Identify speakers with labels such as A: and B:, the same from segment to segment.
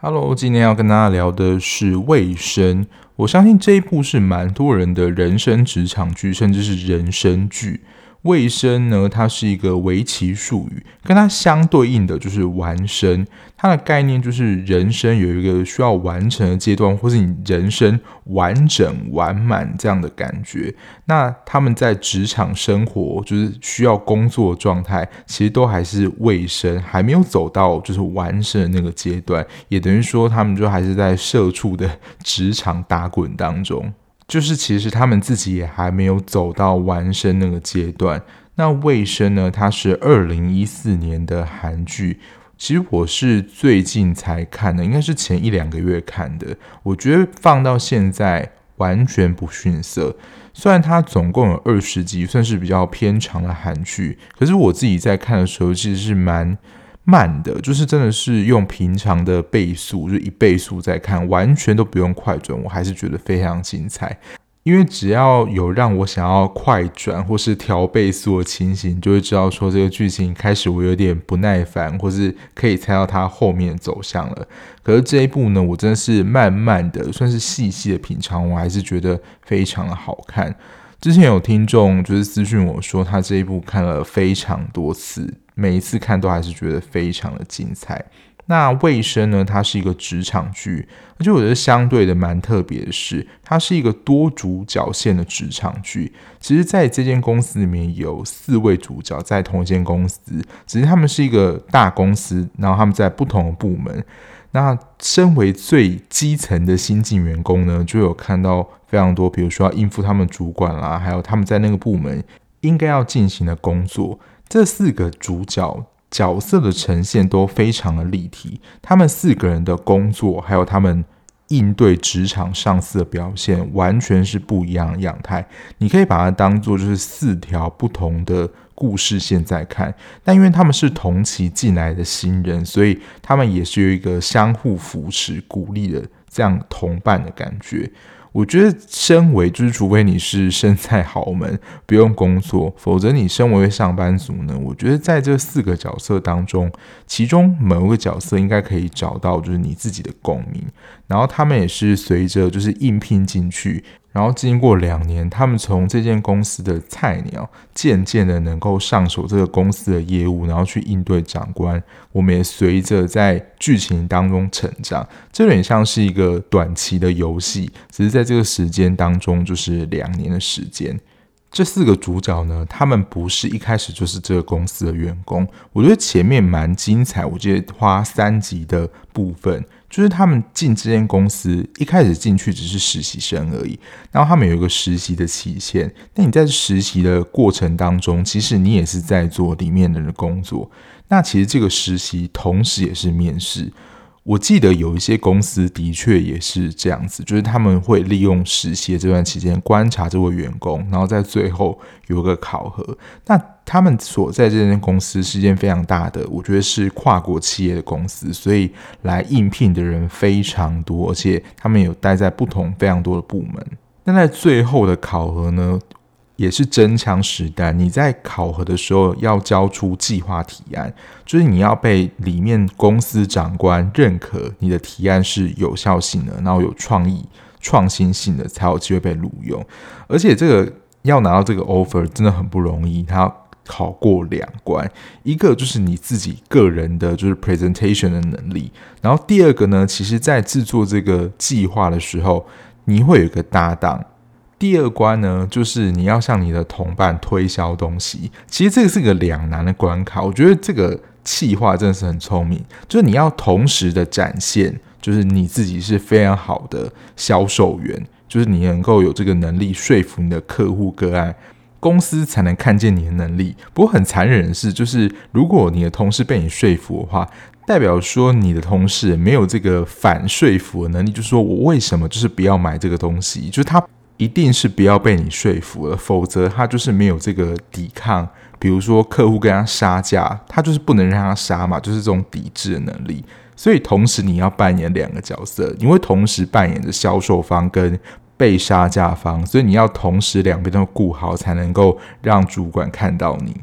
A: Hello，今天要跟大家聊的是未生。我相信這一部是蠻多人的人生職場劇，甚至是人生劇。未生呢，它是一個圍棋術語，跟它相對應的就是完生。它的概念就是人生有一個需要完成的階段，或是你人生完整完滿這樣的感覺。那他們在職場生活，就是需要工作狀態，其實都還是未生，還沒有走到就是完生的那個階段，也等於說他們就還是在社畜的職場打滾當中。就是其實他們自己也還沒有走到完生那個階段。那《未生》呢，它是二零一四年的韓劇，其實我是最近才看的，應該是前一兩個月看的。我覺得放到現在完全不遜色。雖然它總共有二十集，算是比較偏長的韓劇，可是我自己在看的時候其實是蠻慢的，就是真的是用平常的倍速，就是一倍速在看，完全都不用快轉，我還是覺得非常精彩。因為只要有讓我想要快轉或是調倍速的情形，就會知道說，這個劇情開始我有點不耐煩，或是可以猜到它後面走向了。可是這一部呢，我真的是慢慢的，算是細細的品嘗，我還是覺得非常的好看。之前有聽眾就是私訊我說，他這一部看了非常多次。每一次看都還是覺得非常的精彩。那《未生》呢，它是一個職場劇，而且我覺得相對的蠻特別的是，它是一個多主角線的職場劇。其實，在這間公司裡面有四位主角在同一間公司，只是他們是一個大公司，然後他們在不同的部門。那身為最基層的新進員工呢，就有看到非常多，比如說要應付他們主管啦，還有他們在那個部門應該要進行的工作。這四個主角角色的呈現都非常的立體，他們四個人的工作，還有他們應對職場上司的表現，完全是不一樣的樣態。你可以把它當做就是四條不同的故事線在看，但因為他們是同期進來的新人，所以他們也是有一個相互扶持、鼓勵的這樣同伴的感覺。我覺得，身為就是，除非你是身在豪門，不用工作，否則你身為上班族呢，我覺得，在這四個角色當中，其中某一個角色應該可以找到就是你自己的共鳴。然後他們也是隨着就是應聘進去。然後經過兩年，他們從這間公司的菜鳥，漸漸的能夠上手這個公司的業務，然後去應對長官。我們也隨着在劇情當中成長，這有點像是一個短期的遊戲，只是在這個時間當中就是兩年的時間。這四個主角呢，他們不是一開始就是這個公司的員工。我覺得前面蠻精彩，我覺得花三集的部分。就是他們進這間公司，一開始進去只是實習生而已。然後他們有一個實習的期限，那你在實習的過程當中，其實你也是在做裡面的人的工作。那其實這個實習同時也是面試。我記得有一些公司的確也是這樣子，就是他們會利用實習這段期間觀察這位員工，然後在最後有一個考核。那他們所在這間公司是一間非常大的，我覺得是跨國企業的公司，所以來應聘的人非常多，而且他們有待在不同非常多的部門。那在最後的考核呢？也是真槍實彈，你在考核的時候要交出計劃提案，就是你要被裡面公司長官認可，你的提案是有效性的，然後有創意、創新性的，才有機會被錄用。而且這個要拿到這個 offer 真的很不容易，他要考過兩關，一個就是你自己個人的，就是 presentation 的能力，然後第二個呢，其實在製作這個計劃的時候，你會有一個搭檔。第二關呢，就是你要向你的同伴推銷東西。其實這個是個兩難的關卡。我覺得這個企劃真的是很聰明，就是你要同時的展現，就是你自己是非常好的銷售員，就是你能夠有這個能力說服你的客戶個案，公司才能看見你的能力。不過很殘忍的是，就是如果你的同事被你說服的話，代表說你的同事沒有這個反說服的能力，就是說我為什麼就是不要買這個東西，就是他。一定是不要被你說服了，否則他就是沒有這個抵抗。比如說客戶跟他殺價，他就是不能讓他殺嘛，就是這種抵制的能力。所以同時你要扮演兩個角色，你會同時扮演着銷售方跟被殺價方，所以你要同時兩邊都顧好，才能夠讓主管看到你。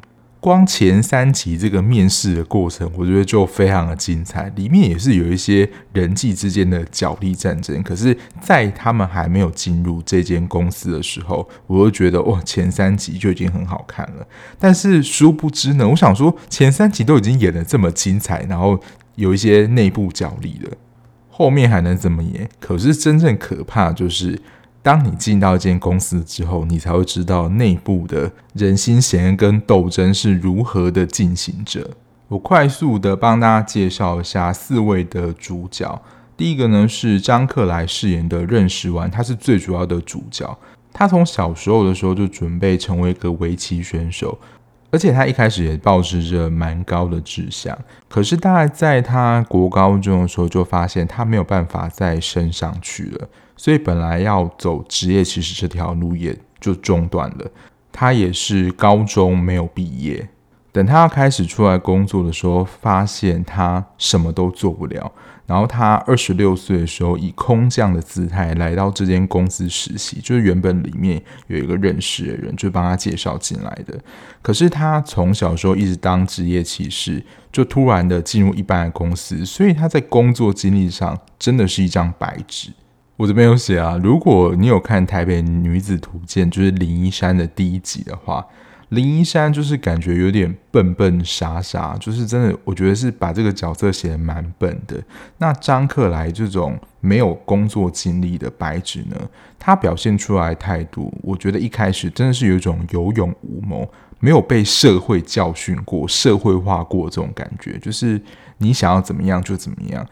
A: 光前三集這個面試的過程，我覺得就非常的精彩，裡面也是有一些人際之間的角力戰爭。可是，在他們還沒有進入這間公司的時候，我就覺得哇，前三集就已經很好看了。但是殊不知呢，我想說前三集都已經演得這麼精彩，然後有一些內部角力了，後面還能怎麼演？可是真正可怕的就是。當你進到一間公司之後，你才會知道內部的人心險惡跟鬥爭是如何的進行着。我快速的幫大家介紹一下四位的主角。第一個呢，是張克萊飾演的任時完，他是最主要的主角。他從小時候的時候就準備成為一個圍棋選手，而且他一開始也抱持着蠻高的志向。可是大概在他國高中的時候，就發現他沒有辦法再升上去了。所以本來要走職業棋士這條路也就中斷了。他也是高中沒有畢業，等他要開始出來工作的時候，發現他什麼都做不了。然後他二十六歲的時候，以空降的姿態來到這間公司實習，就是原本裡面有一個認識的人就幫他介紹進來的。可是他從小時候一直當職業棋士，就突然的進入一般的公司，所以他在工作經歷上真的是一張白紙。我這邊有寫啊，如果你有看《台北女子圖鑑》，就是林依山的第一集的話，林依山就是感覺有點笨笨傻傻，就是真的，我覺得是把這個角色寫得蠻笨的。那張克萊這種沒有工作經歷的白紙呢，他表現出來態度，我覺得一開始真的是有一種有勇無謀，沒有被社會教訓過、社會化過這種感覺，就是你想要怎麼樣就怎麼樣。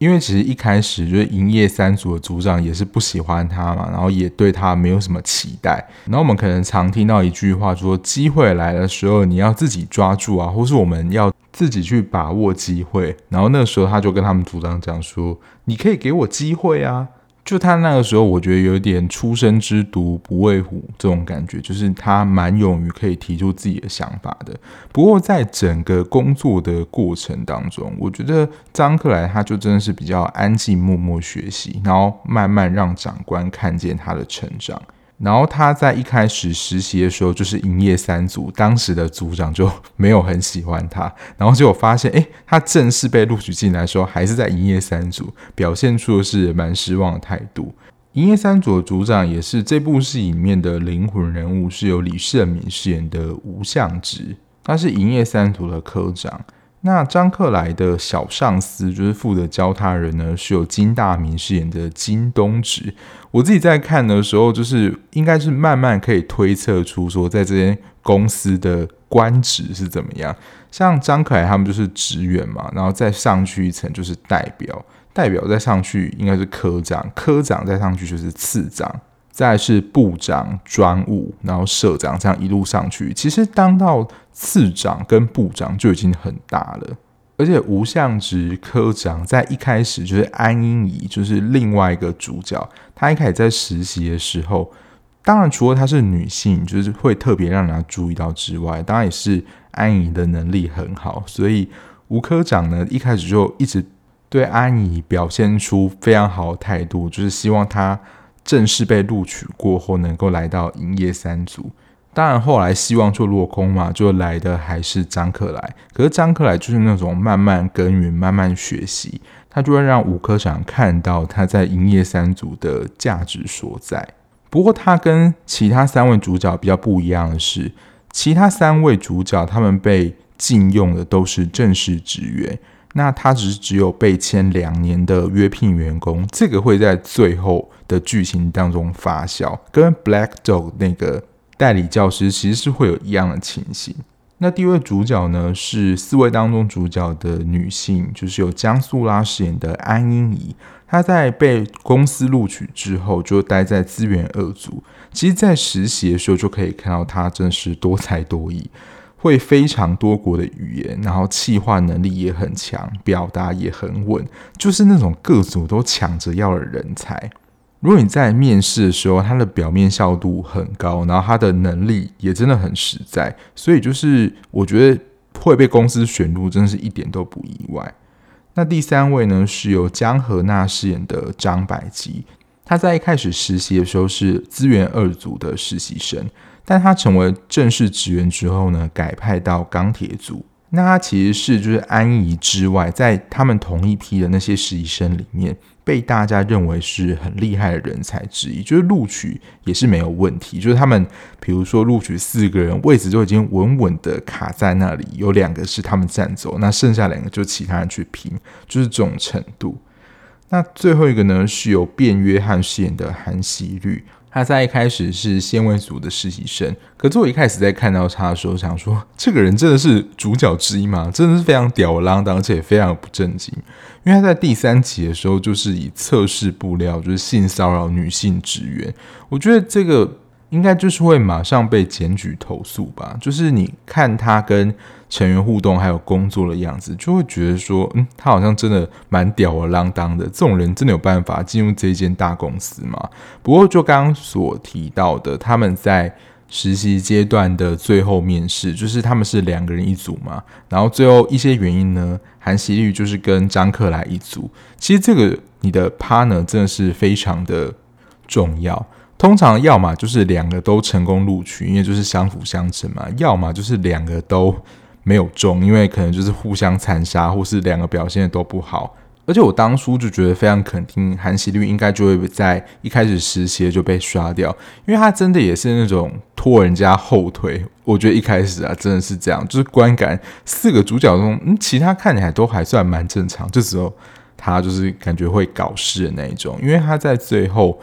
A: 因為其實一開始就是營業三組的組長也是不喜歡他嘛，然後也對他沒有什麼期待。然後我們可能常聽到一句話說，機會來的時候你要自己抓住啊，或是我們要自己去把握機會。然後那時候他就跟他們組長講說，你可以給我機會啊。就他那個時候，我覺得有點“初生之犢不畏虎”這種感覺，就是他蠻勇於可以提出自己的想法的。不過，在整個工作的過程當中，我覺得張克萊他就真的是比較安靜、默默學習，然後慢慢讓長官看見他的成長。然後他在一開始實習的時候就是營業三組，當時的組長就沒有很喜歡他。然後結果發現，誒他正式被錄取進來的時候還是在營業三組，表現出的是蠻失望的態度。營業三組的組長也是這部戲裡面的靈魂人物，是由李聖旻飾演的吳相植，他是營業三組的科長。那張克萊的小上司就是負責教他的人呢，是由金大明飾演的金東植。我自己在看的時候，就是應該是慢慢可以推測出說，在這間公司的官職是怎麼樣。像張克萊他們就是職員嘛，然後再上去一層就是代表，代表再上去應該是科長，科長再上去就是次長，再來是部長、專務，然後社長，這樣一路上去，其實當到次長跟部長就已經很大了。而且吳相植科長在一開始就是安英儀，就是另外一個主角。他一開始在實習的時候，當然除了她是女性，就是會特別讓人家注意到之外，當然也是安怡的能力很好。所以吳科長呢，一開始就一直對安怡表現出非常好的態度，就是希望她正式被錄取過後，能夠來到營業三組。當然，後來希望就落空嘛，就來的還是張克萊。可是張克萊就是那種慢慢耕耘、慢慢學習，他就會讓吳科長看到他在營業三組的價值所在。不過，他跟其他三位主角比較不一樣的是，其他三位主角他們被禁用的都是正式職員，那他只是只有被簽兩年的約聘員工。這個會在最後的劇情當中發酵，跟 Black Dog 那個。代理教師其實是會有一樣的情形。那第一位主角呢，是四位當中主角的女性，就是由姜素拉飾演的安英怡。她在被公司錄取之後，就待在資源二組。其實，在實習的時候，就可以看到她真是多才多藝，會非常多國的語言，然後企劃能力也很強，表達也很穩，就是那種各組都搶着要的人才。如果你在面試的時候，他的表面效度很高，然後他的能力也真的很實在，所以就是我覺得會被公司選入，真的是一點都不意外。那第三位呢，是由姜河那飾演的張百基，他在一開始實習的時候是資源二組的實習生，但他成為正式職員之後呢，改派到鋼鐵組。那他其實是就是安怡之外，在他們同一批的那些實習生裡面，被大家認為是很厲害的人才之一，就是錄取也是沒有問題。就是他們，比如說錄取四個人，位置就已經穩穩的卡在那裡，有兩個是他們占走，那剩下兩個就其他人去拼，就是這種程度。那最後一個呢，是由卞約翰飾演的韓熙律。他在一開始是纖維組的實習生，可是我一開始在看到他的時候，想說這個人真的是主角之一嘛，真的是非常吊兒郎當而且非常不正經，因為他在第三集的時候就是以測試布料就是性騷擾女性職員，我覺得這個應該就是會馬上被檢舉投訴吧，就是你看他跟成員互動還有工作的樣子，就會覺得說，嗯，他好像真的蠻吊兒郎當的。這種人真的有辦法進入這間大公司嗎？不過就剛剛所提到的，他們在實習階段的最後面試，就是他們是兩個人一組嘛。然後最後一些原因呢，韓熙律就是跟張克萊一組。其實這個你的 partner 真的是非常的重要。通常要麼就是兩個都成功錄取，因為就是相輔相成嘛；要麼就是兩個都。沒有中，因為可能就是互相殘殺，或是兩個表現都不好。而且我當初就覺得非常肯定，韓熙律應該就會在一開始實習就被刷掉，因為他真的也是那種拖人家後腿。我覺得一開始啊，真的是這樣，就是觀感四個主角中，嗯，其他看起來都還算蠻正常，這時候他就是感覺會搞事的那一種，因為他在最後。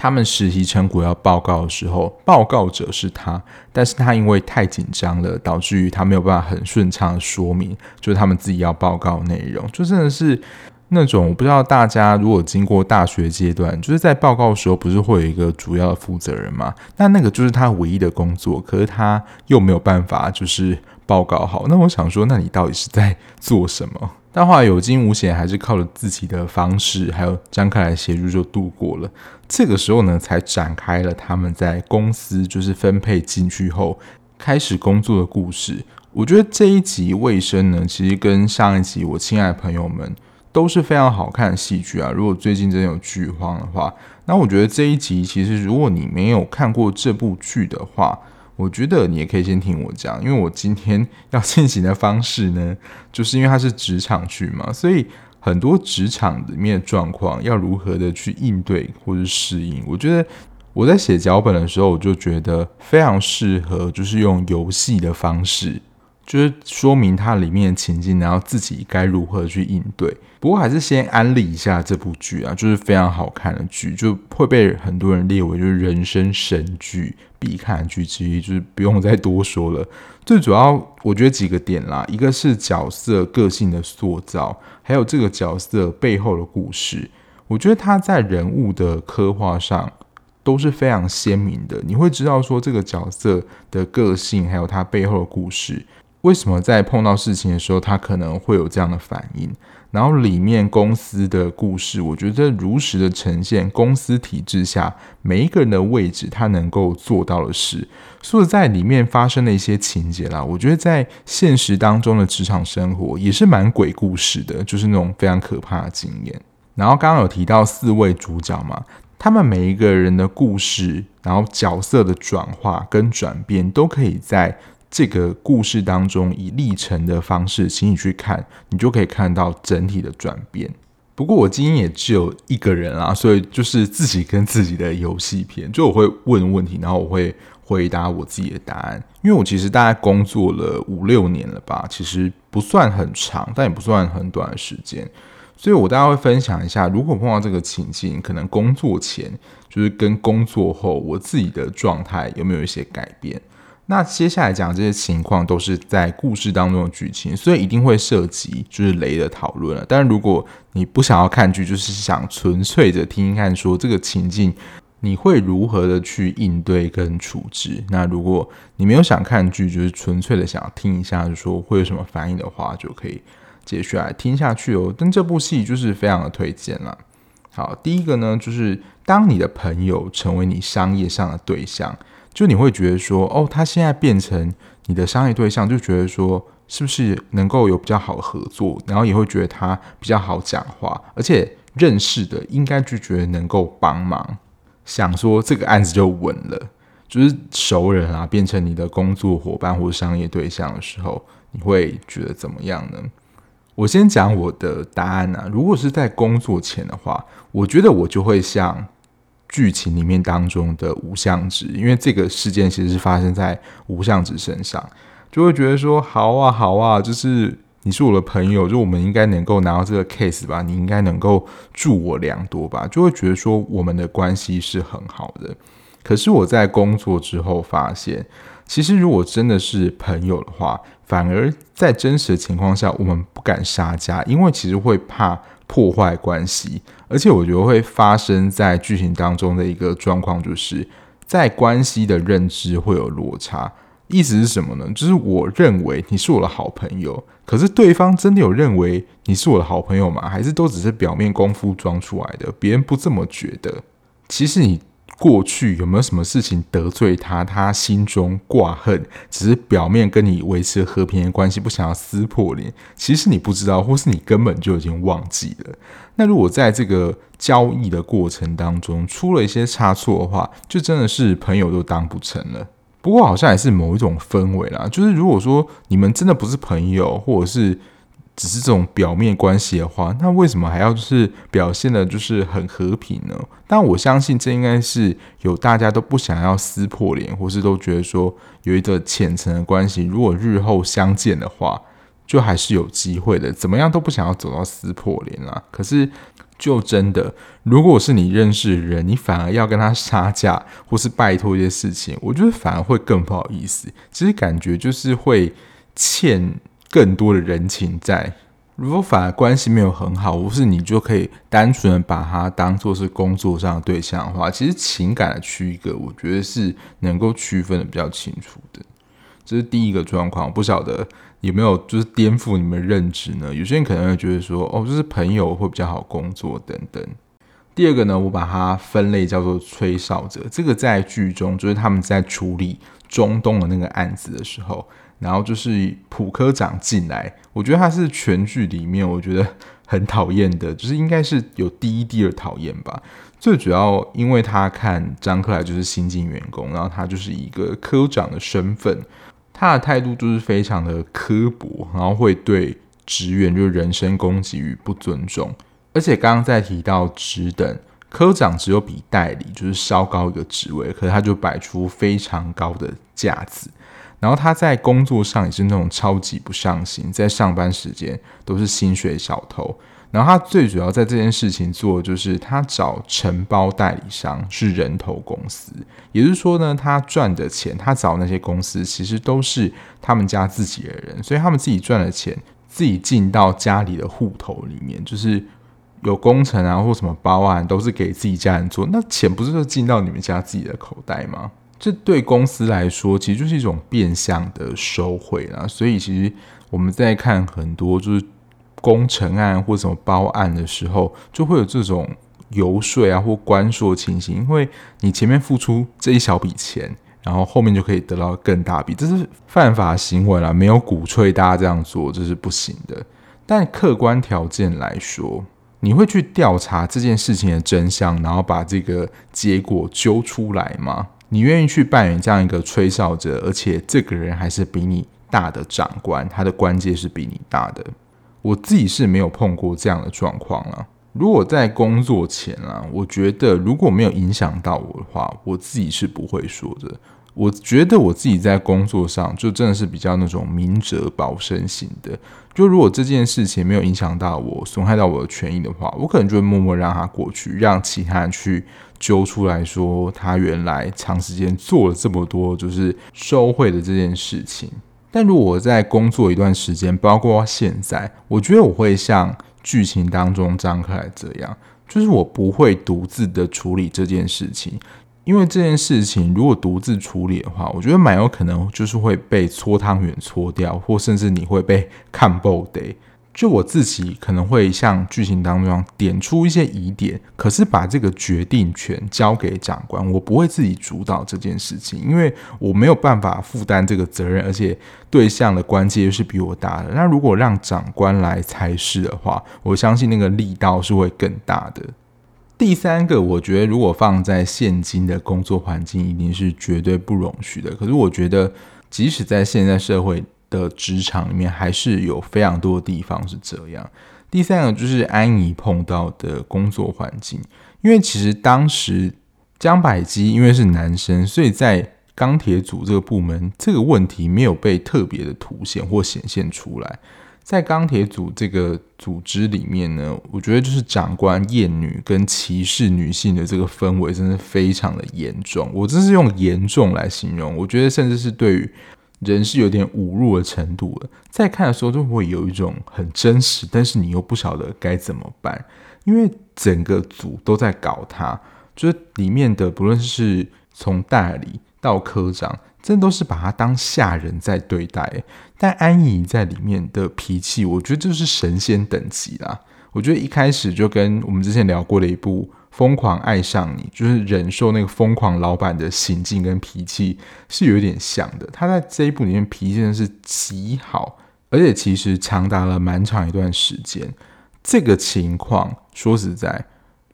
A: 他們實習成果要報告的時候，報告者是他，但是他因為太緊張了，導致於他沒有辦法很順暢的說明，就是他們自己要報告內容，就真的是那種我不知道大家如果經過大學階段，就是在報告的時候，不是會有一個主要的負責人嗎？那那個就是他唯一的工作，可是他又沒有辦法就是報告好。那我想說，那你到底是在做什麼？但後來有驚無險，還是靠着自己的方式，還有張克萊協助就度過了。這個時候呢，才展開了他們在公司就是分配進去後開始工作的故事。我覺得這一集《未生》呢，其實跟上一集我親愛的朋友們都是非常好看的戲劇啊。如果最近真的有劇荒的話，那我覺得這一集其實如果你沒有看過這部劇的話，我覺得你也可以先聽我講，因為我今天要進行的方式呢，就是因為它是職場劇嘛，所以。很多職場裡面的狀況要如何的去應對或是適應，我覺得我在寫腳本的時候，我就覺得非常適合，就是用遊戲的方式。就是說明它裡面的情境，然後自己該如何去應對。不過還是先安利一下這部劇啊，就是非常好看的劇，就會被很多人列為就是人生神劇、必看劇之一，就是不用再多說了。最主要我覺得幾個點啦，一個是角色個性的塑造，還有這個角色背後的故事。我覺得他在人物的刻畫上都是非常鮮明的，你會知道說這個角色的個性，還有他背後的故事。為什麼在碰到事情的時候，他可能會有這樣的反應？然後裡面公司的故事，我覺得如實的呈現公司體制下每一個人的位置，他能夠做到的事，所以在裡面發生的一些情節啦，我覺得在現實當中的職場生活也是蠻鬼故事的，就是那種非常可怕的經驗。然後剛剛有提到四位主角嘛，他們每一個人的故事，然後角色的轉化跟轉變，都可以在，這個故事當中，以歷程的方式，請你去看，你就可以看到整體的轉變。不過我今天也只有一個人啊，所以就是自己跟自己的遊戲片，就我會問問題，然後我會回答我自己的答案。因為我其實大概工作了五六年了吧，其實不算很長，但也不算很短的時間，所以我大概會分享一下，如果碰到這個情境，可能工作前就是跟工作後我自己的狀態有沒有一些改變。那接下來講這些情況都是在故事當中的劇情，所以一定會涉及就是雷的討論了。但如果你不想要看劇，就是想純粹的聽一看，說這個情境你會如何的去應對跟處置？那如果你沒有想看劇，就是純粹的想要聽一下，就說會有什麼反應的話，就可以繼續來聽下去哦。但這部戲就是非常的推薦了。好，第一個呢，就是當你的朋友成為你商業上的對象。就你會覺得說，哦，他現在變成你的商業對象，就覺得說，是不是能夠有比較好合作，然後也會覺得他比較好講話，而且認識的應該就覺得能夠幫忙，想說這個案子就穩了。就是熟人啊，變成你的工作夥伴或商業對象的時候，你會覺得怎麼樣呢？我先講我的答案啊，如果是在工作前的話，我覺得我就會像。劇情裡面當中的吳相植，因為這個事件其實是發生在吳相植身上，就會覺得說好啊好啊，就是你是我的朋友，就我們應該能夠拿到這個 case 吧，你應該能夠助我良多吧，就會覺得說我們的關係是很好的。可是我在工作之後發現，其實如果真的是朋友的話，反而在真實的情況下，我們不敢殺價，因為其實會怕破壞關係。而且我覺得會發生在劇情當中的一個狀況，就是在關係的認知會有落差。意思是什麼呢？就是我認為你是我的好朋友，可是對方真的有認為你是我的好朋友嗎？還是都只是表面功夫裝出來的？別人不這麼覺得。其實你過去有沒有什麼事情得罪他，他心中掛恨，只是表面跟你維持和平的關係，不想要撕破臉。其實你不知道，或是你根本就已經忘記了。那如果在這個交易的過程當中出了一些差錯的話，就真的是朋友都當不成了。不過好像也是某一種氛圍啦，就是如果說你們真的不是朋友，或者是只是這種表面關係的話，那為什麼還要就是表現的就是很和平呢？但我相信這應該是有大家都不想要撕破臉，或是都覺得說有一個淺層的關係，如果日後相見的話。就還是有機會的，怎麼樣都不想要走到撕破臉啦、啊。可是，就真的，如果是你認識的人，你反而要跟他殺價，或是拜托一些事情，我覺得反而會更不好意思。其實感覺就是會欠更多的人情債。如果反而關係沒有很好，或是你就可以單純的把他當做是工作上的對象的話，其實情感的區隔，我覺得是能夠區分的比較清楚的。這是第一個狀況，不曉得有沒有就是顛覆你們認知呢？有些人可能會覺得說，哦，就是朋友會比較好工作等等。第二個呢，我把它分類叫做吹哨者。這個在劇中就是他們在處理中東的那個案子的時候，然後就是朴科長進來，我覺得他是全劇裡面我覺得很討厭的，就是應該是有第一、第二討厭吧。最主要因為他看張克萊就是新進員工，然後他就是一個科長的身份。他的態度就是非常的刻薄，然後會對職員就是人身攻擊與不尊重。而且剛剛在提到職等，科長只有比代理就是稍高一個職位，可是他就擺出非常高的架子。然後他在工作上也是那種超級不上心，在上班時間都是薪水小偷。然後他最主要在這件事情做的，就是他找承包代理商是人頭公司，也就是說呢，他賺的錢，他找那些公司其實都是他們家自己的人，所以他們自己賺的錢，自己進到家裡的戶頭裡面，就是有工程啊或什麼包案，都是給自己家人做，那錢不是就是進到你們家自己的口袋嗎？這對公司來說，其實就是一種變相的收賄啦。所以其實我們在看很多就是。工程案或什麼包案的時候，就會有這種遊說啊或關說情形。因為你前面付出這一小筆錢，然後後面就可以得到更大筆，這是犯法行為啦，沒有鼓吹大家這樣做，這是不行的。但客觀條件來說，你會去調查這件事情的真相，然後把這個結果揪出來嗎？你願意去扮演這樣一個吹哨者，而且這個人還是比你大的長官，他的官階是比你大的。我自己是沒有碰過這樣的狀況啦。如果在工作前啊，我覺得如果沒有影響到我的話，我自己是不會說的。我覺得我自己在工作上就真的是比較那種明哲保身型的。就如果這件事情沒有影響到我，損害到我的權益的話，我可能就會默默讓他過去，讓其他人去揪出來說他原來長時間做了這麼多就是收賄的這件事情。但如果我在工作一段時間，包括現在，我覺得我會像劇情當中張克萊這樣，就是我不會獨自的處理這件事情，因為這件事情如果獨自處理的話，我覺得蠻有可能就是會被搓湯圓搓掉，或甚至你會被看爆的。就我自己可能會像劇情當中點出一些疑點，可是把這個決定權交給長官，我不會自己主導這件事情，因為我沒有辦法負擔這個責任，而且對象的關係是比我大的。那如果讓長官來裁示的話，我相信那個力道是會更大的。第三個，我覺得如果放在現今的工作環境，一定是絕對不容許的。可是我覺得，即使在現在社會。的職場裡面還是有非常多的地方是這樣。第三個就是安妮碰到的工作環境，因為其實當時江百基因為是男生，所以在鋼鐵組這個部門這個問題沒有被特別的凸顯或顯現出來。在鋼鐵組這個組織裡面呢，我覺得就是長官厭女跟歧視女性的這個氛圍，真的非常的嚴重。我真是用嚴重來形容，我覺得甚至是對於。人是有點侮辱的程度了，在看的時候就會有一種很真實，但是你又不曉得該怎麼辦，因為整個組都在搞他，就是裡面的不論是從代理到科長，真的都是把他當下人在對待。但安怡在裡面的脾氣，我覺得就是神仙等級啦。我覺得一開始就跟我們之前聊過的一部。瘋狂愛上你，就是忍受那個瘋狂老闆的行徑跟脾氣是有點像的。他在這一部裡面脾氣是極好，而且其實長達了蠻長一段時間。這個情況說實在，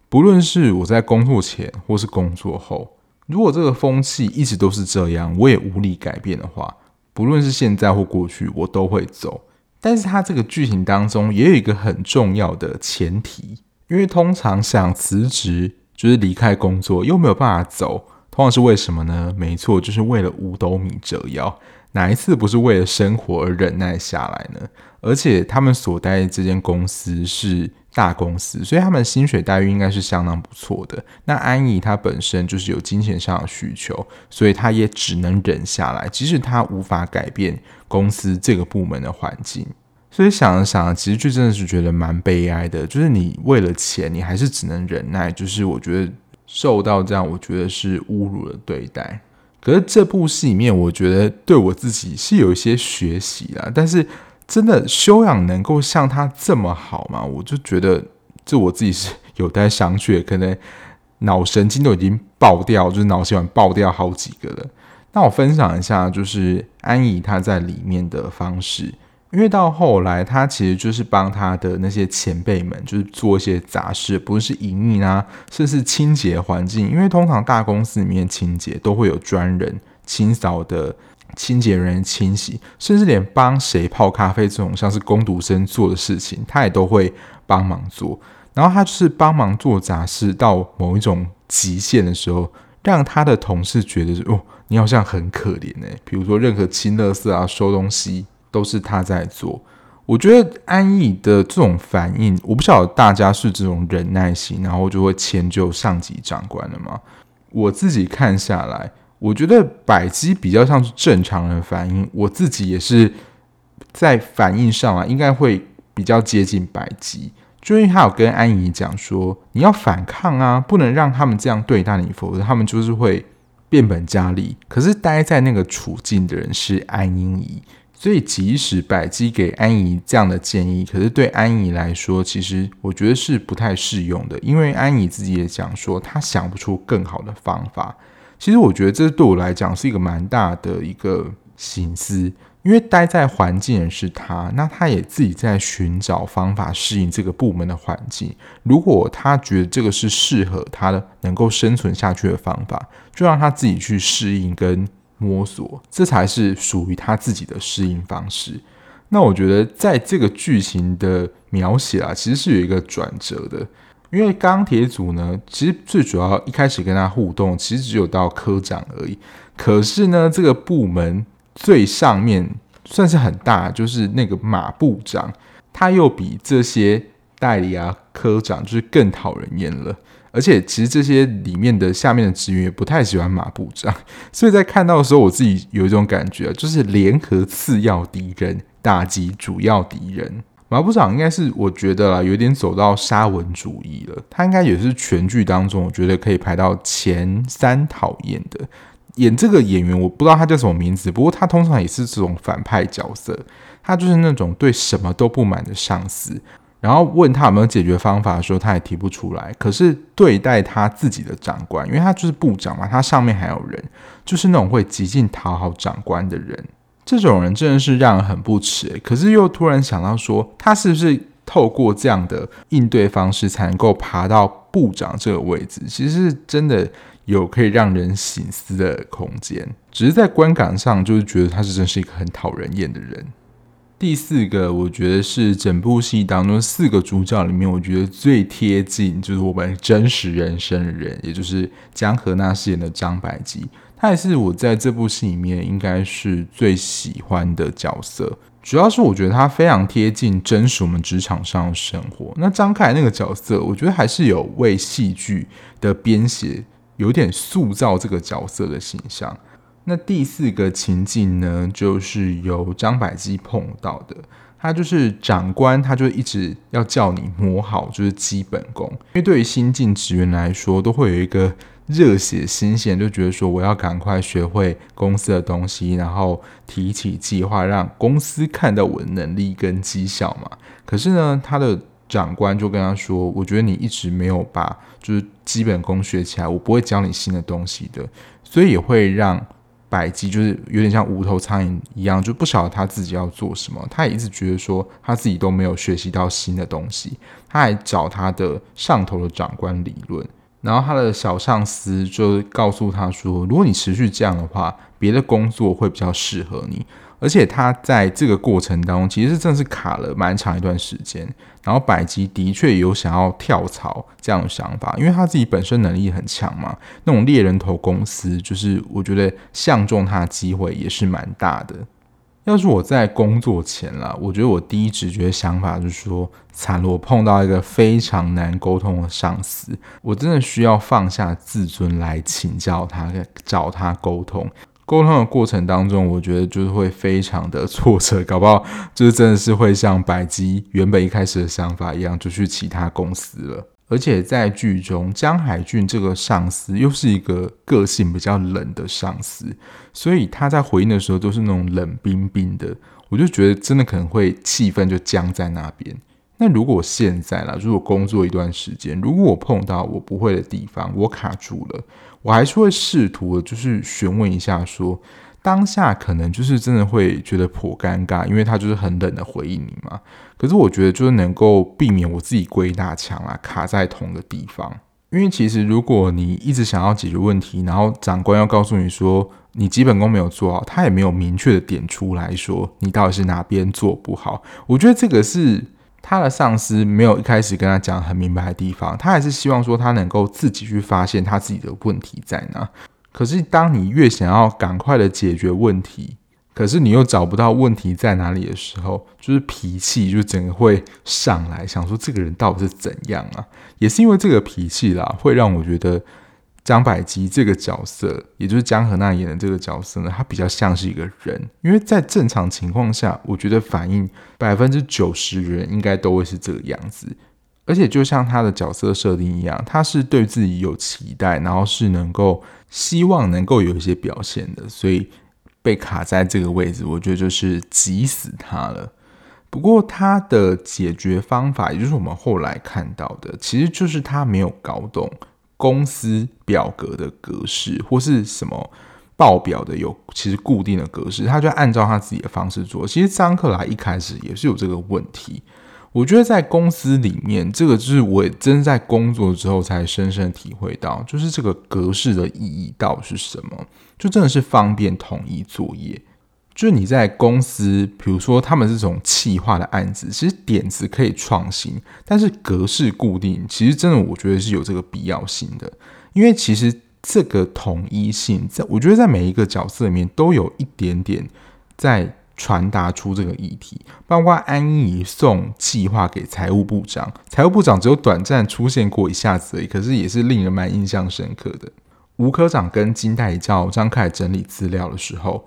A: 不論是我在工作前或是工作後，如果這個風氣一直都是這樣，我也無力改變的話，不論是現在或過去，我都會走。但是他這個劇情當中也有一個很重要的前提。因為通常想辭職就是離開工作，又沒有辦法走，通常是為什麼呢？沒錯，就是為了五斗米折腰。哪一次不是為了生活而忍耐下來呢？而且他們所待這間公司是大公司，所以他們薪水待遇應該是相當不錯的。那安妮她本身就是有金錢上的需求，所以她也只能忍下來，即使她無法改變公司這個部門的環境。所以想了想了，其實就真的是覺得蠻悲哀的，就是你為了錢，你還是只能忍耐。就是我覺得受到這樣，我覺得是侮辱的對待。可是這部戲裡面，我覺得對我自己是有一些學習啦。但是真的修養能夠像他這麼好嗎？我就覺得這我自己是有待商榷。可能腦神經都已經爆掉，就是腦血管爆掉好幾個了。那我分享一下，就是安怡她在裡面的方式。因為到後來，他其實就是幫他的那些前輩們，就是做一些雜事，不是營運啊，甚至是清潔環境。因為通常大公司裡面清潔都會有專人清掃的，清潔人員清洗，甚至連幫誰泡咖啡這種像是工讀生做的事情，他也都會幫忙做。然後他就是幫忙做雜事到某一種極限的時候，讓他的同事覺得說哦，你好像很可憐哎、欸。比如說任何清垃圾啊，收東西。都是他在做，我覺得安姨的這種反應，我不曉得大家是這種忍耐性，然後就會遷就上級長官了嗎？我自己看下來，我覺得白基比較像是正常人的反應。我自己也是在反應上啊，應該會比較接近白基。就因為他有跟安姨講說，你要反抗啊，不能讓他們這樣對待你，否則他們就是會變本加厲。可是待在那個處境的人是安英伊。所以，即使白基給安怡這樣的建議，可是對安怡來說，其實我覺得是不太適用的。因為安怡自己也講說，她想不出更好的方法。其實，我覺得這對我來講是一個蠻大的一個心思，因為待在環境也是他，那他也自己在尋找方法適應這個部門的環境。如果他覺得這個是適合他的、能夠生存下去的方法，就讓他自己去適應跟摸索，這才是屬於他自己的適應方式。那我覺得，在這個劇情的描寫啊，其實是有一個轉折的。因為鋼鐵組呢，其實最主要一開始跟他互動，其實只有到科長而已。可是呢，這個部門最上面算是很大，就是那個馬部長，他又比這些代理啊、科長，就是更討人厭了。而且，其實這些裡面的下面的職員也不太喜歡馬部長，所以在看到的時候，我自己有一種感覺啊，就是聯合次要敵人打擊主要敵人。馬部長應該是我覺得啊，有點走到沙文主義了。他應該也是全劇當中，我覺得可以排到前三討厭的。演這個演員，我不知道他叫什麼名字，不過他通常也是這種反派角色，他就是那種對什麼都不滿的上司。然後問他有沒有解決方法，說他也提不出來。可是對待他自己的長官，因為他就是部長嘛，他上面還有人，就是那種會極盡討好長官的人。這種人真的是讓人很不齒、欸。可是又突然想到說，說他是不是透過這樣的應對方式才能夠爬到部長這個位置？其實是真的有可以讓人省思的空間。只是在觀感上，就是覺得他是真是一個很討人厭的人。第四個，我覺得是整部戲當中四個主角裡面，我覺得最貼近就是我們真實人生的人，也就是姜河那飾演的張白基，他也是我在這部戲裡面應該是最喜歡的角色。主要是我覺得他非常貼近真實我們職場上的生活。那張凱那個角色，我覺得還是有為戲劇的編寫有點塑造這個角色的形象。那第四個情境呢，就是由張白基碰到的。他就是長官，他就一直要叫你磨好，就是基本功。因為對於新進職員來說，都會有一個熱血新鮮，就覺得說我要趕快學會公司的東西，然後提起計劃，讓公司看到我的能力跟績效嘛。可是呢，他的長官就跟他說：“我覺得你一直沒有把就是基本功學起來，我不會教你新的東西的。”所以也會讓。百吉就是有點像無頭蒼蠅一樣，就不曉得他自己要做什麼。他也一直覺得說他自己都沒有學習到新的東西，他還找他的上頭的長官理論，然後他的小上司就告訴他說，如果你持續這樣的話，別的工作會比較適合你。而且他在這個過程當中，其實真的是卡了蠻長一段時間。然後百吉的確有想要跳槽這樣的想法，因為他自己本身能力很強嘛。那種獵人頭公司，就是我覺得相中他的機會也是蠻大的。要是我在工作前啦，我覺得我第一直覺的想法就是說，慘了，我碰到一個非常難溝通的上司，我真的需要放下自尊來請教他，找他溝通。溝通的過程當中，我覺得就是會非常的挫折，搞不好就是真的是會像白基原本一開始的想法一樣，就去其他公司了。而且在劇中，江海俊這個上司又是一個個性比較冷的上司，所以他在回應的時候都是那種冷冰冰的，我就覺得真的可能會氣氛就僵在那邊。那如果現在啦，如果工作一段時間，如果我碰到我不會的地方，我卡住了，我還是會試圖，就是詢問一下說，說當下可能就是真的會覺得頗尷尬，因為他就是很冷的回應你嘛。可是我覺得就是能夠避免我自己鬼打牆啊，卡在同一個地方。因為其實如果你一直想要解決問題，然後長官要告訴你說你基本功沒有做好，他也沒有明確的點出來說你到底是哪邊做不好。我覺得這個是。他的上司沒有一開始跟他講很明白的地方，他還是希望說他能夠自己去發現他自己的問題在哪。可是當你越想要趕快的解決問題，可是你又找不到問題在哪裡的時候，就是脾氣就整個會上來，想說這個人到底是怎樣啊？也是因為這個脾氣啦，會讓我覺得。張百基這個角色，也就是姜河那演的這個角色呢，他比較像是一個人，因為在正常情況下，我覺得反應百分之九十人應該都會是這個樣子。而且就像他的角色設定一樣，他是對自己有期待，然後是能夠希望能夠有一些表現的，所以被卡在這個位置，我覺得就是急死他了。不過他的解決方法，也就是我們後來看到的，其實就是他沒有搞懂。公司表格的格式或是什麼報表的有其實固定的格式，他就按照他自己的方式做。其實張克萊一開始也是有這個問題。我覺得在公司裡面，這個就是我也真在工作之後才深深體會到，就是這個格式的意義到底是什麼，就真的是方便統一作業。就你在公司，譬如說他們這種企劃的案子，其實點子可以創新，但是格式固定，其實真的我覺得是有這個必要性的。因為其實這個統一性，在我覺得在每一個角色裡面都有一點點在傳達出這個議題，包括安怡送企劃給財務部長，財務部長只有短暫出現過一下子而已，可是也是令人蠻印象深刻的。吳科長跟金代教張凱整理資料的時候。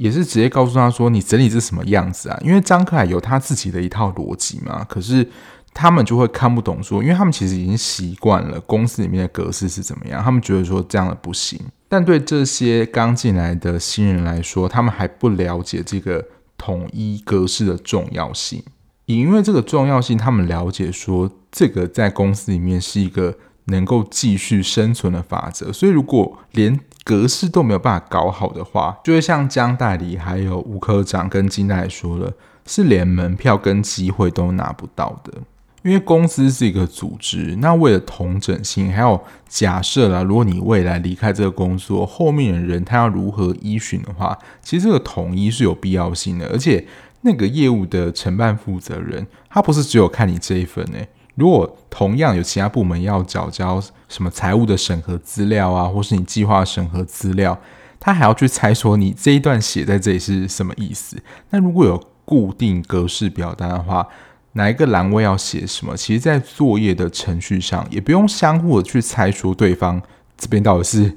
A: 也是直接告訴他說：“你整理是什麼樣子啊？”因為張克海有他自己的一套邏輯嘛，可是他們就會看不懂說，因為他們其實已經習慣了公司裡面的格式是怎麼樣，他們覺得說這樣的不行。但對這些剛進來的新人來說，他們還不了解這個統一格式的重要性。也因為這個重要性，他們了解說這個在公司裡面是一個。能夠繼續生存的法則，所以如果連格式都沒有辦法搞好的話，就會像江代理、還有吳科長跟金代理說了，是連門票跟機會都拿不到的。因為公司是一個組織，那為了統整性，還有假設啦，如果你未來離開這個工作，後面的人他要如何依循的話，其實這個統一是有必要性的。而且那個業務的承辦負責人，他不是只有看你這一份呢。如果同樣有其他部門要繳交什麼財務的審核資料啊，或是你計劃審核資料，他還要去猜說你這一段寫在這裡是什麼意思。那如果有固定格式表單的話，哪一個欄位要寫什麼？其實，在作業的程序，上也不用相互的去猜說對方這邊到底是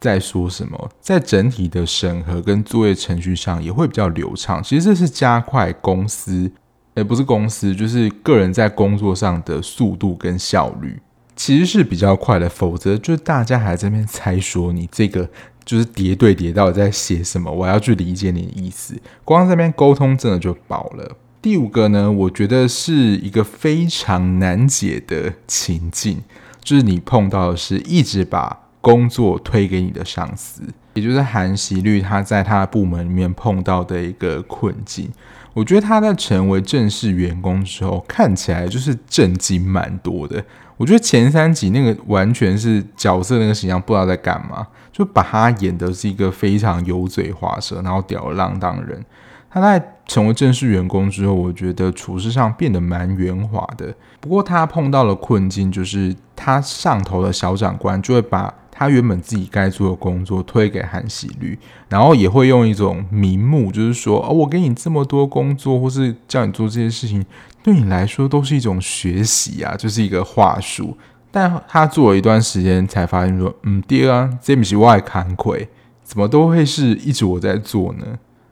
A: 在說什麼，在整體的審核跟作業程序上也會比較流暢。其實這是加快公司。也不是公司，就是個人在工作上的速度跟效率其實是比較快的，否則就是大家還在那邊猜說你這個就是疊對疊到底在寫什麼，我要去理解你的意思，光在這邊溝通真的就飽了。第五個呢，我覺得是一個非常難解的情境，就是你碰到的是一直把工作推給你的上司，也就是韓喜律他在他的部門裡面碰到的一個困境。我覺得他在成為正式員工之後，看起來就是正經蠻多的。我覺得前三集那個完全是角色那個形象，不知道在幹嘛，就把他演的是一個非常油嘴滑舌，然後吊兒郎當的人。他在成為正式員工之後，我覺得處事上變得蠻圓滑的。不過他碰到了困境，就是他上頭的小長官就會把他原本自己該做的工作推給韓喜律，然後也會用一種名目，就是說，哦，我給你這麼多工作，或是叫你做這些事情，對你來說都是一種學習啊，就是一個話術。但他做了一段時間，才發現說，嗯，對啊，這不是我的工作，怎麼都會是一直我在做呢？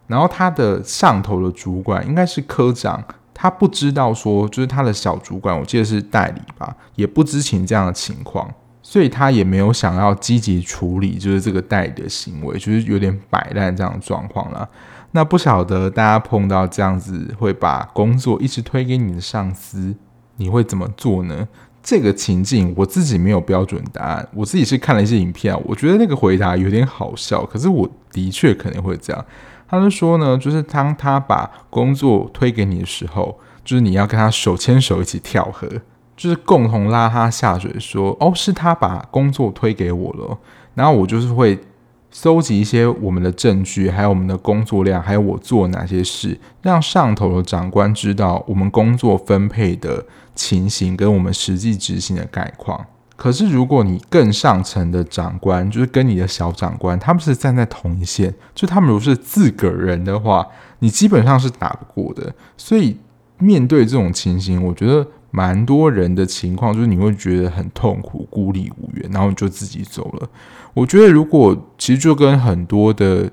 A: 然後他的上頭的主管應該是科長，他不知道說，就是他的小主管，我記得是代理吧，也不知情這樣的情況。所以他也沒有想要積極處理，就是這個代理的行為，就是有點擺爛這樣的狀況啦。那不曉得大家碰到這樣子，會把工作一直推給你的上司，你會怎麼做呢？這個情境我自己沒有標準答案，我自己是看了一些影片，我覺得那個回答有點好笑，可是我的確可能會這樣。他就說呢，就是當他把工作推給你的時候，就是你要跟他手牽手一起跳河。就是共同拉他下水說，說哦，是他把工作推給我了。然後我就是會搜集一些我們的證據，還有我們的工作量，還有我做哪些事，讓上頭的長官知道我們工作分配的情形跟我們實際執行的概況。可是如果你更上層的長官，就是跟你的小長官，他們是站在同一線，就他們如果是自己人的話，你基本上是打不過的。所以面對這種情形，我覺得。蠻多人的情況就是你會覺得很痛苦、孤立無援，然後你就自己走了。我覺得如果其實就跟很多的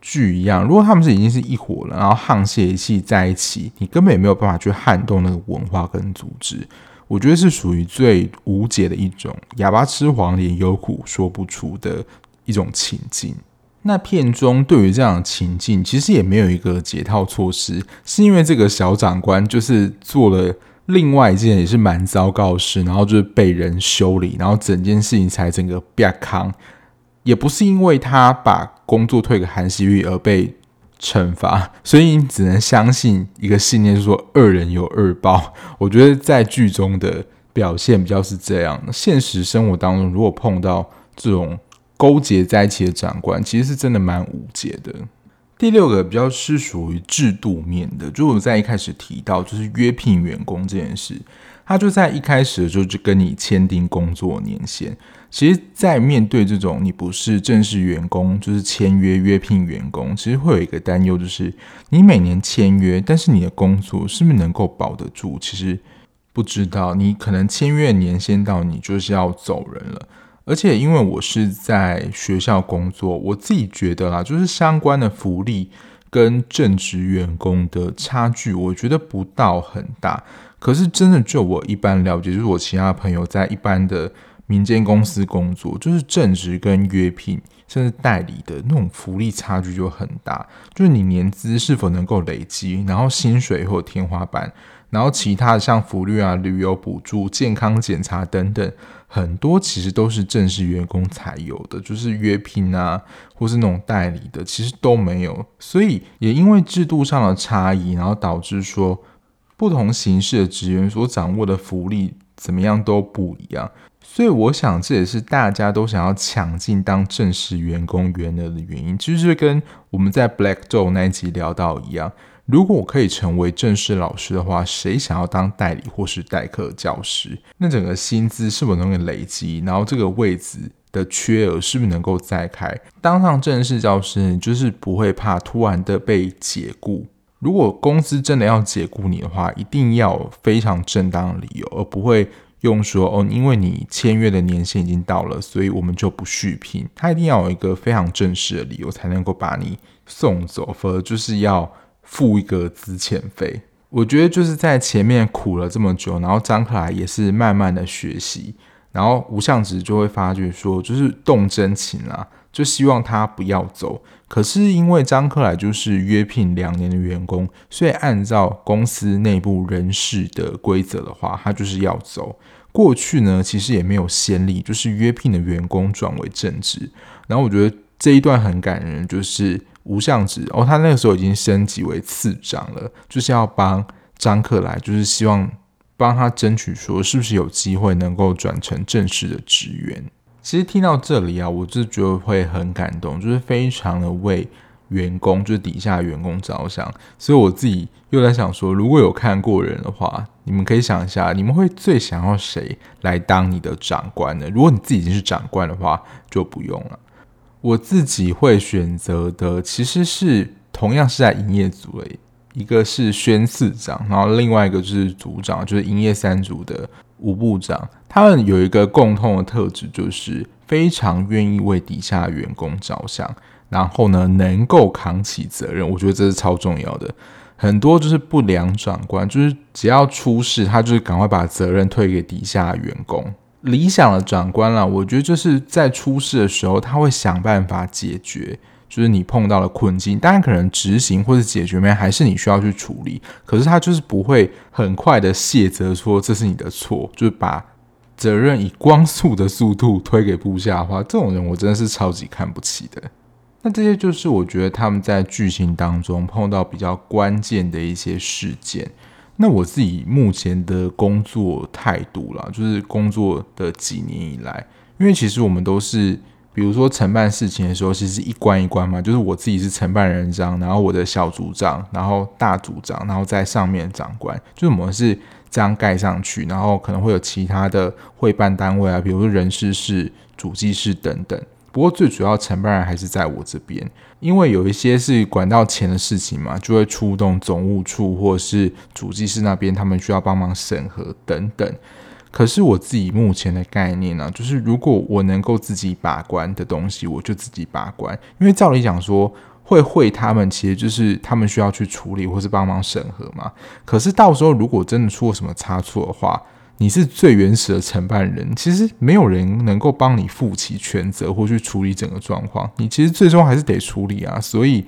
A: 劇一樣，如果他們是已經是一夥了，然後沆瀣一氣在一起，你根本也沒有辦法去撼動那個文化跟組織。我覺得是屬於最無解的一種啞巴吃黃連，有苦說不出的一種情境。那片中對於這樣的情境，其實也沒有一個解套措施，是因為這個小長官就是做了。另外一件也是蠻糟糕的事，然後就是被人修理，然後整件事情才整個癟糠。也不是因為他把工作推給韓熙玉而被懲罰，所以你只能相信一個信念，就是說“惡人有惡報”。我覺得在劇中的表現比較是這樣，現實生活當中如果碰到這種勾結在一起的長官，其實是真的蠻無解的。第六個比較是屬於制度面的，就我在一開始提到，就是約聘員工這件事，他就在一開始的時候就跟你簽訂工作年限。其實，在面對這種你不是正式員工，就是簽約約聘員工，其實會有一個擔憂，就是你每年簽約，但是你的工作是不是能夠保得住？其實不知道，你可能簽約年限到，你就是要走人了。而且因為我是在學校工作，我自己覺得啦，就是相關的福利跟正職員工的差距，我覺得不到很大。可是真的就我一般了解，就是我其他朋友在一般的民間公司工作，就是正職跟約聘甚至代理的那種福利差距就很大，就是你年資是否能夠累積，然後薪水或天花板，然後其他的像福利啊、旅遊補助、健康檢查等等。很多其實都是正式員工才有的，就是約聘啊，或是那種代理的，其實都沒有。所以也因為制度上的差異，然後導致說不同形式的職員所掌握的福利怎麼樣都不一樣。所以我想這也是大家都想要搶進當正式員工、員額的原因。其實就是、跟我們在 Black Door 那一集聊到一樣。如果我可以成為正式老師的話，誰想要當代理或是代課教師？那整個薪資是否能夠累積？然後這個位子的缺額是不是能夠再開？當上正式教師，就是不會怕突然的被解僱。如果公司真的要解僱你的話，一定要有非常正當的理由，而不會用說哦，因為你簽約的年限已經到了，所以我們就不續聘。他一定要有一個非常正式的理由，才能夠把你送走，否則就是要。付一個資遣費，我覺得就是在前面苦了這麼久，然後張克萊也是慢慢的學習，然後吳相植就會發覺說，就是動真情啦、啊，就希望他不要走。可是因為張克萊就是約聘兩年的員工，所以按照公司內部人事的規則的話，他就是要走。過去呢，其實也沒有先例，就是約聘的員工轉為正職。然後我覺得這一段很感人，就是。吳相植哦，他那個時候已經升級為次長了，就是要幫張克萊，就是希望幫他爭取說，是不是有機會能夠轉成正式的職員。其實聽到這裡啊，我就覺得會很感動，就是非常的為員工，就是底下員工着想。所以我自己又在想說，如果有看過人的話，你們可以想一下，你們會最想要誰來當你的長官呢？如果你自己已經是長官的話，就不用了。我自己會選擇的其實是同樣是在營業組的，一個是宣次長然後另外一個就是組長，就是營業三組的吳部長。他們有一個共同的特質，就是非常願意為底下的員工着想，然後呢，能夠扛起責任。我覺得這是超重要的。很多就是不良長官，就是只要出事，他就是趕快把責任推給底下的員工。理想的長官啦、啊，我覺得就是在出事的時候，他會想辦法解決，就是你碰到了困境，當然可能執行或者解決面還是你需要去處理，可是他就是不會很快的卸責，說這是你的錯，就是把責任以光速的速度推給部下的話，這種人我真的是超級看不起的。那這些就是我覺得他們在劇情當中碰到比較關鍵的一些事件。那我自己目前的工作態度啦，就是工作的幾年以來，因為其實我們都是，比如說承辦事情的時候，其實一關一關嘛，就是我自己是承辦人這樣，然後我的小組長，然後大組長，然後在上面長官，就是我們是這樣蓋上去，然後可能會有其他的會辦單位啊，比如說人事室、主計室等等。不過最主要的承辦人還是在我這邊，因為有一些是管到錢的事情嘛，就會出動總務處或是主計室那邊，他們需要幫忙審核等等。可是我自己目前的概念呢、啊，就是如果我能夠自己把關的東西，我就自己把關。因為照理講說，會會他們其實就是他們需要去處理或是幫忙審核嘛。可是到時候如果真的出了什麼差錯的話，你是最原始的承辦人，其實沒有人能夠幫你負起全責或去處理整個狀況，你其實最終還是得處理啊。所以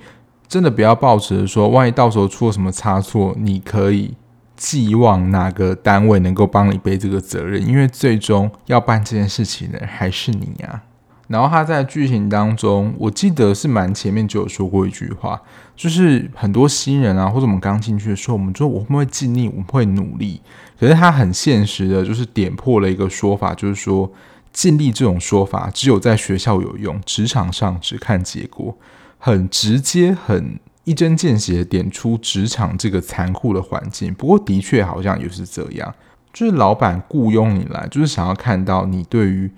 A: 真的不要抱持說，萬一到時候出了什麼差錯，你可以寄望哪個單位能夠幫你背這個責任，因為最終要辦這件事情的還是你啊。然後他在劇情當中，我記得是蠻前面就有說過一句話，就是很多新人啊，或者，我們剛進去的時候，我們說我們會盡力，我們會努力。可是他很現實的，就是點破了一個說法，就是說盡力這種說法只有在學校有用，職場上只看結果。很直接，很一針見血的點出職場這個殘酷的環境。不過的確好像也是這樣，就是老闆僱傭你來，就是想要看到你對於。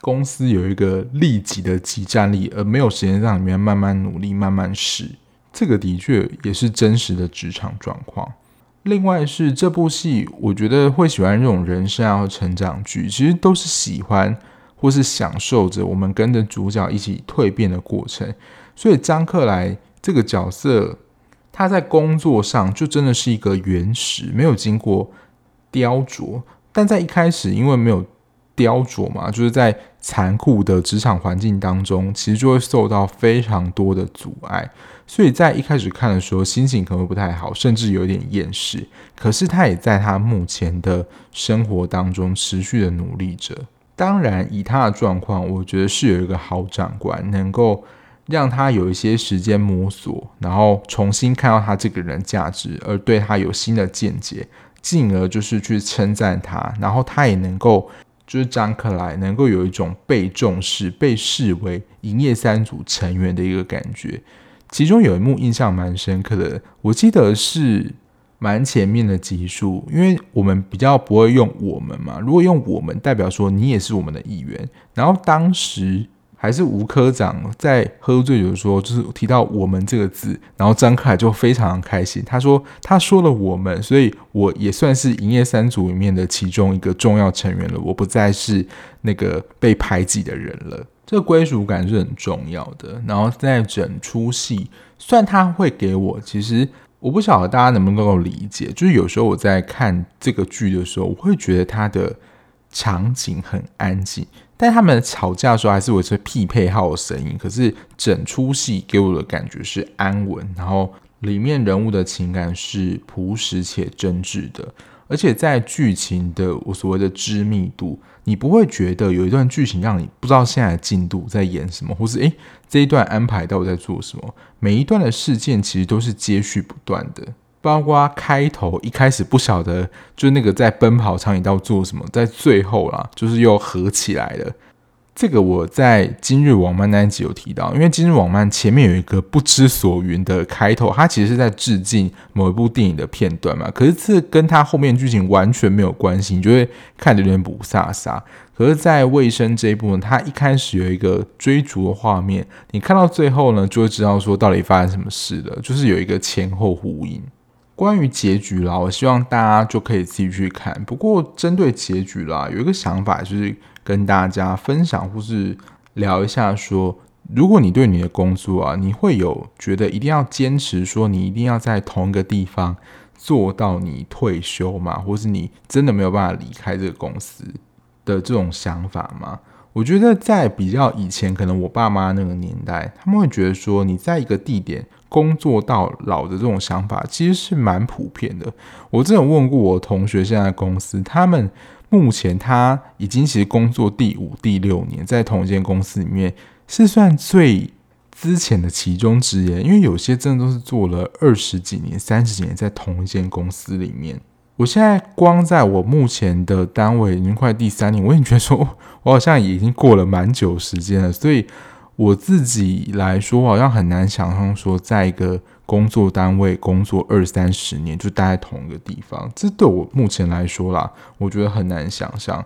A: 公司有一個利己的即戰力，而沒有時間讓裡面慢慢努力、慢慢使。這個的確也是真實的職場狀況。另外是這部戲，我覺得會喜歡這種人生和成長劇，其實都是喜歡或是享受着我們跟着主角一起蛻變的過程。所以張克萊這個角色，他在工作上就真的是一個原始，沒有經過雕琢，但在一開始因為沒有。雕琢嘛，就是在殘酷的職場環境當中，其實就會受到非常多的阻礙。所以在一開始看的時候，心情可能不太好，甚至有點厭世。可是他也在他目前的生活當中持續的努力着。當然，以他的狀況，我覺得是有一個好長官，能夠讓他有一些時間摸索，然後重新看到他這個人價值，而對他有新的見解，進而就是去稱讚他，然後他也能夠。就是張克萊能夠有一種被重視、被視為營業三組成員的一個感覺。其中有一幕印象蠻深刻的，我記得是蠻前面的集數，因為我們比較不會用“我們”嘛。如果用“我們”，代表說你也是我們的一員。然後當時。還是吳科長在喝醉酒的時候，就是提到“我們”這個字，然後張凱就非常開心。他說：“他說了我們，所以我也算是營業三組裡面的其中一個重要成員了。我不再是那個被排擠的人了。這個歸屬感是很重要的。然後在整出戲，算他會給我，其實我不曉得大家能不能夠理解。就是有時候我在看這個劇的時候，我會覺得他的場景很安靜。”但他們吵架的時候還是維持匹配號的聲音，可是整出戲給我的感覺是安穩，然後裡面人物的情感是樸實且真摯的，而且在劇情的我所謂的知密度，你不會覺得有一段劇情讓你不知道現在的進度在演什麼，或是誒、欸、這一段安排到底在做什麼，每一段的事件其實都是接續不斷的。包括開頭一開始不曉得，就是那個在奔跑場裡到做什麼，在最後啦，就是又合起來了。這個我在今日網漫那一集有提到，因為今日網漫前面有一個不知所云的開頭，它其實是在致敬某一部電影的片段嘛。可是這跟它後面劇情完全沒有關係，你就會看得有點不颯颯。可是，在未生這一部分，它一開始有一個追逐的畫面，你看到最後呢，就會知道說到底發生什麼事的，就是有一個前後呼應。關於結局啦，我希望大家就可以自己去看。不過，針對結局啦，有一個想法就是跟大家分享，或是聊一下：說，如果你對你的工作啊，你會有覺得一定要堅持，說你一定要在同一個地方做到你退休嗎？或是你真的沒有辦法離開這個公司的這種想法嗎？我覺得在比較以前，可能我爸媽那個年代，他們會覺得說你在一個地點工作到老的這種想法，其實是蠻普遍的。我這種問過我同學，現在的公司，他們目前他已經其實工作第五、第六年，在同一間公司裡面，是算最之前的其中之一。因為有些真的都是做了二十幾年、三十幾年，在同一間公司裡面。我現在光在我目前的單位已經快第三年，我也覺得說，我好像已經過了蠻久時間了。所以我自己來說，好像很難想象說，在一個工作單位工作二三十年就待在同一個地方，這對我目前來說啦，我覺得很難想象。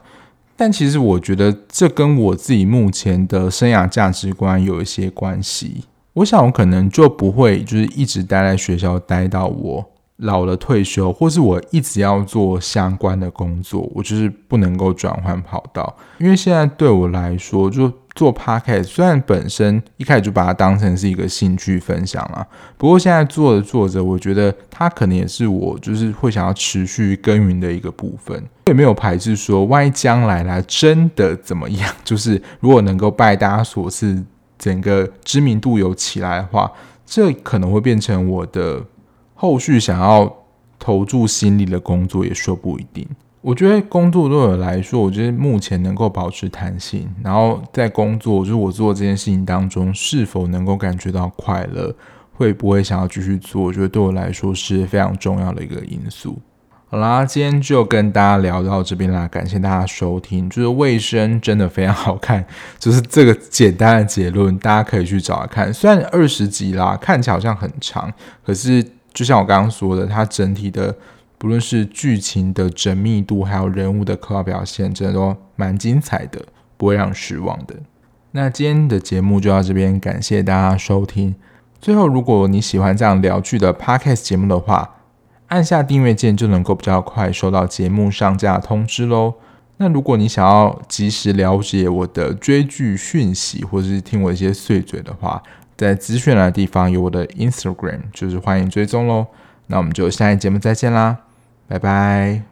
A: 但其實我覺得這跟我自己目前的生涯價值觀有一些關係。我想我可能就不會就是一直待在學校待到我。老了退休，或是我一直要做相關的工作，我就是不能夠轉換跑道。因為現在對我來說，就做 podcast，雖然本身一開始就把它當成是一個興趣分享啦，不過現在做着做着，我覺得它可能也是我就是會想要持續耕耘的一個部分。也沒有排斥說，萬一將來來真的怎麼樣，就是如果能夠拜大家所賜，整個知名度有起來的話，這可能會變成我的。後續想要投注心力的工作也說不一定。我覺得工作對我來說，我覺得目前能夠保持彈性，然後在工作就是我做這件事情當中，是否能夠感覺到快樂，會不會想要繼續做，我覺得對我來說是非常重要的一個因素。好啦，今天就跟大家聊到這邊啦，感謝大家收聽。就是未生真的非常好看，就是這個簡單的結論，大家可以去找來看。雖然二十集啦，看起來好像很長，可是，就像我剛剛說的，它整體的不論是劇情的縝密度，還有人物的刻畫表現，真的都蠻精彩的，不會讓人失望的。那今天的節目就到這邊，感謝大家收聽。最後，如果你喜歡這樣聊劇的 podcast 節目的話，按下訂閱鍵就能夠比較快收到節目上架通知嘍。那如果你想要及時了解我的追劇訊息，或者是聽我一些碎嘴的話，在資訊的地方有我的 Instagram，就是歡迎追蹤嘍。那我們就下一期節目再見啦，拜拜。